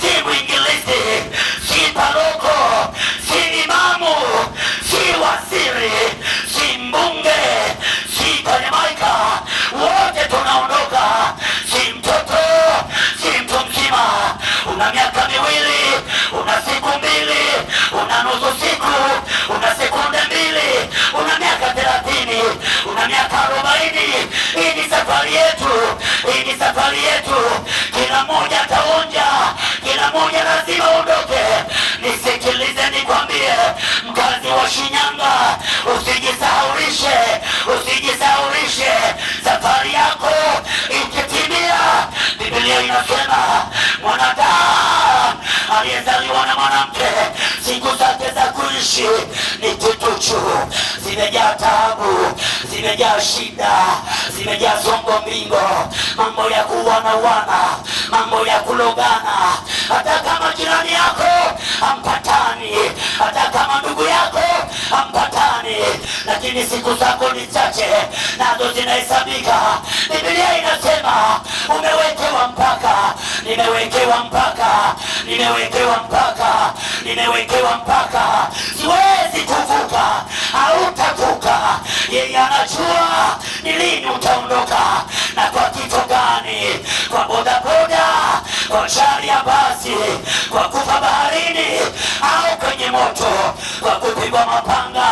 si mwingilizi, si paroko, si imamu, si wasiri si mbunge, si tanemaika wote tunaondoka. Si mtoto, si mtu mzima. Una miaka miwili, una siku mbili, una nusu siku, una sekunde mbili, una miaka thelathini, una miaka arobaini. Hii ni safari yetu, hii ni safari yetu. usijisaurishe, usijisaurishe. Safari yako ikitimia, Biblia inasema mwanadamu aliyezaliwa na mwanamke siku zake za kuishi ni tutuchu, zimejaa taabu, zimejaa shida, zimejaa songo mbingo, mambo ya kuwana wana, mambo ya kulogana, hata kama jirani yako hampatani, lakini siku zako ni chache, nazo zinahesabika. Biblia inasema umewekewa mpaka, nimewekewa mpaka, nimewekewa mpaka, nimewekewa mpaka, siwezi kuvuka. Hautavuka, yeye anajua ni lini utaondoka. kwa shari ya basi, kwa kufa baharini au kwenye moto, kwa kupigwa mapanga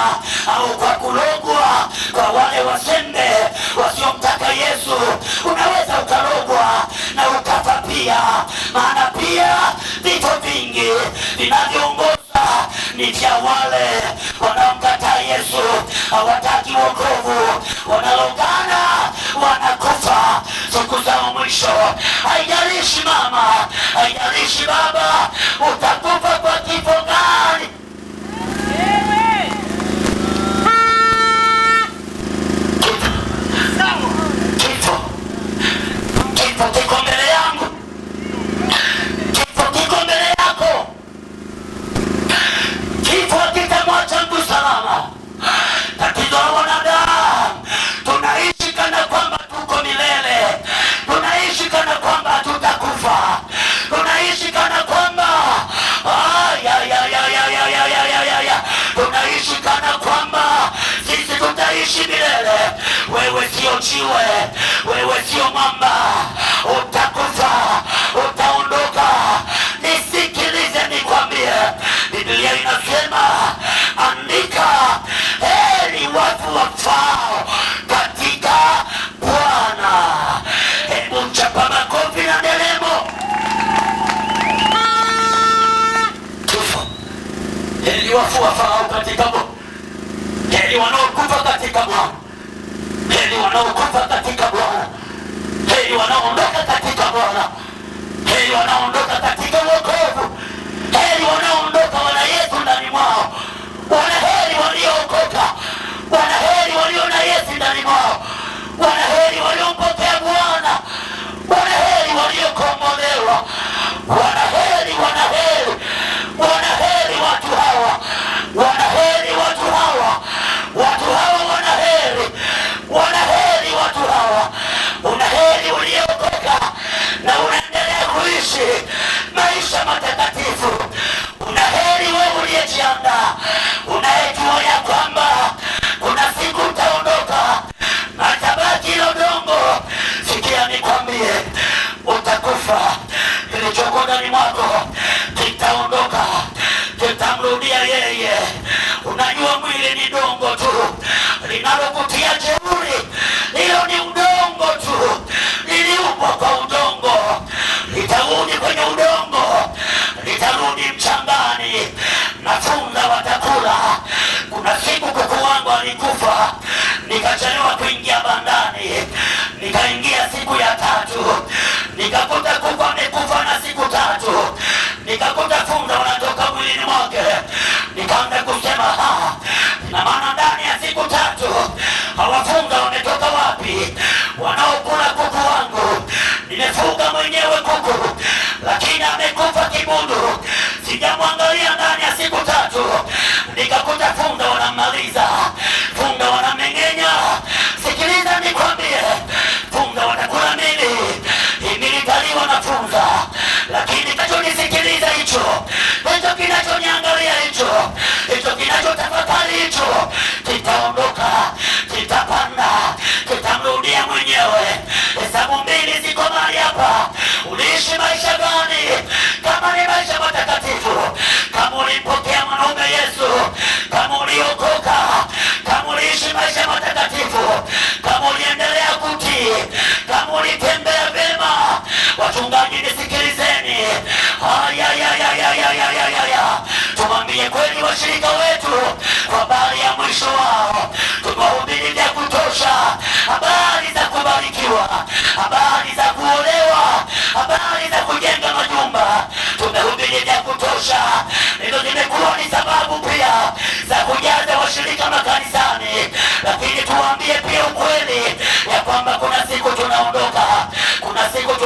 au kwa kulogwa. Kwa wale wasembe wasiomtaka Yesu, unaweza ukalogwa na ukafa pia, maana pia vito vingi vinavyoongoza ni vya wale wanaomkataa Yesu, hawataki wokovu, wanalogana wana siku zao mwisho. Haijalishi mama, haijalishi baba uta what you at. wanaokufa katika Bwana. Heri wanaondoka katika Bwana. Heri wanaondoka katika wokovu. Heri wanaondoka wana Yesu ndani mwao. heli waliookoka. wana heli walio na Yesu ndani mwao. wana heli waliompokea Bwana. Wanaheri waliokombolewa. Wanaheri Uganda nikufa, nikachelewa kuingia bandani, nikaingia siku ya tatu nikakuta kufa amekufa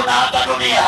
tunaanza dunia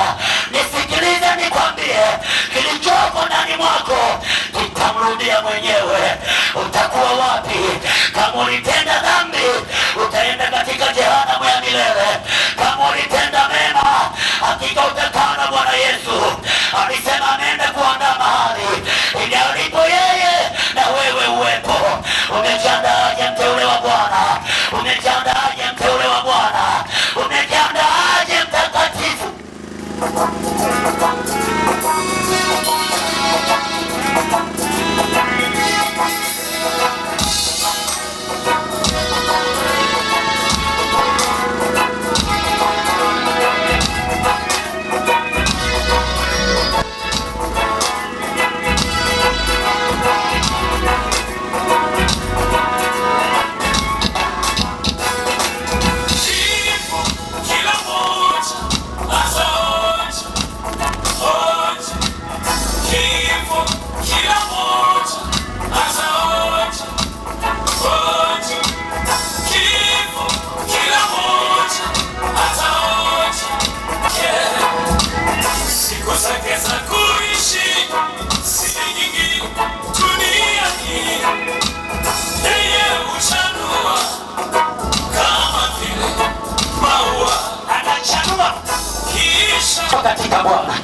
katika Bwana.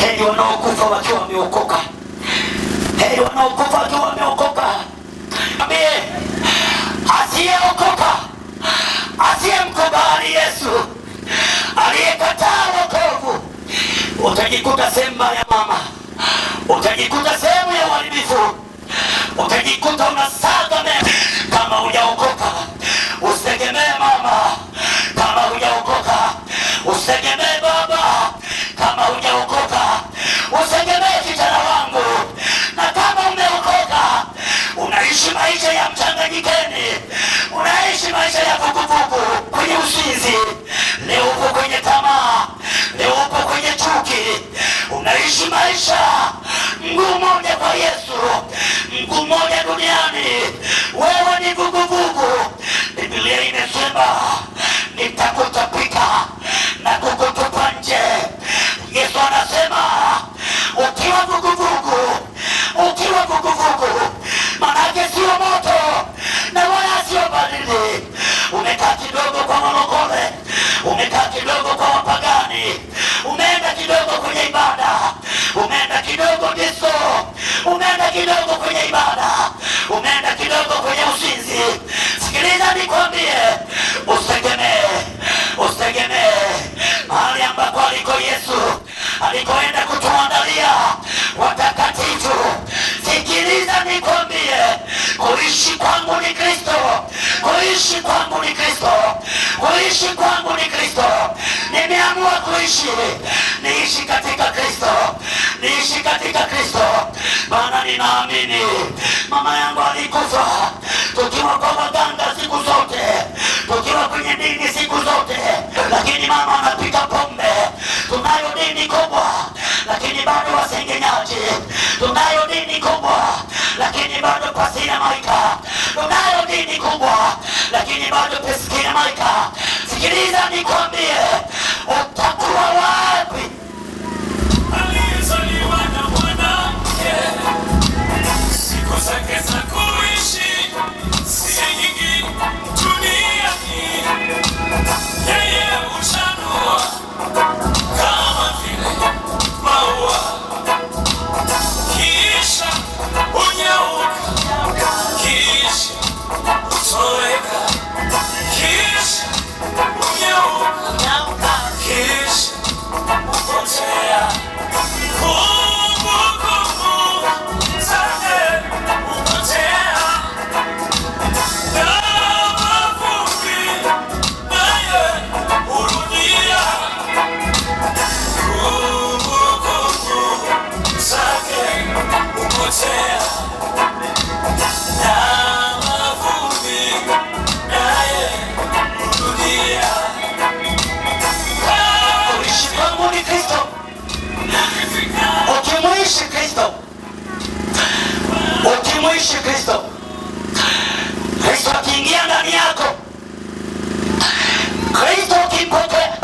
Heri wanaokufa wakiwa wameokoka, heri wanaokufa wakiwa wameokoka. Ambie asiyeokoka, asiyemkubali Yesu, aliyekataa wokovu, utajikuta sehemu ya mama, utajikuta sehemu ya uharibifu, utajikuta unasaga kama hujaokoka. wangu ni Kristo. Nimeamua kuishi, niishi katika Kristo, niishi katika Kristo, maana ninaamini mama yangu alikufa tukiwa kwa waganga siku zote, tukiwa kwenye dini siku zote, lakini mama anapika pombe. Tunayo dini kubwa, lakini bado wasengenyaji. Tunayo dini kubwa, lakini bado pasina maika. Tunayo dini kubwa, lakini bado pesikina maika Sikiliza nikwambie, utakuwa kumwishi Kristo. Kristo akiingia ndani yako, Kristo ukimpokea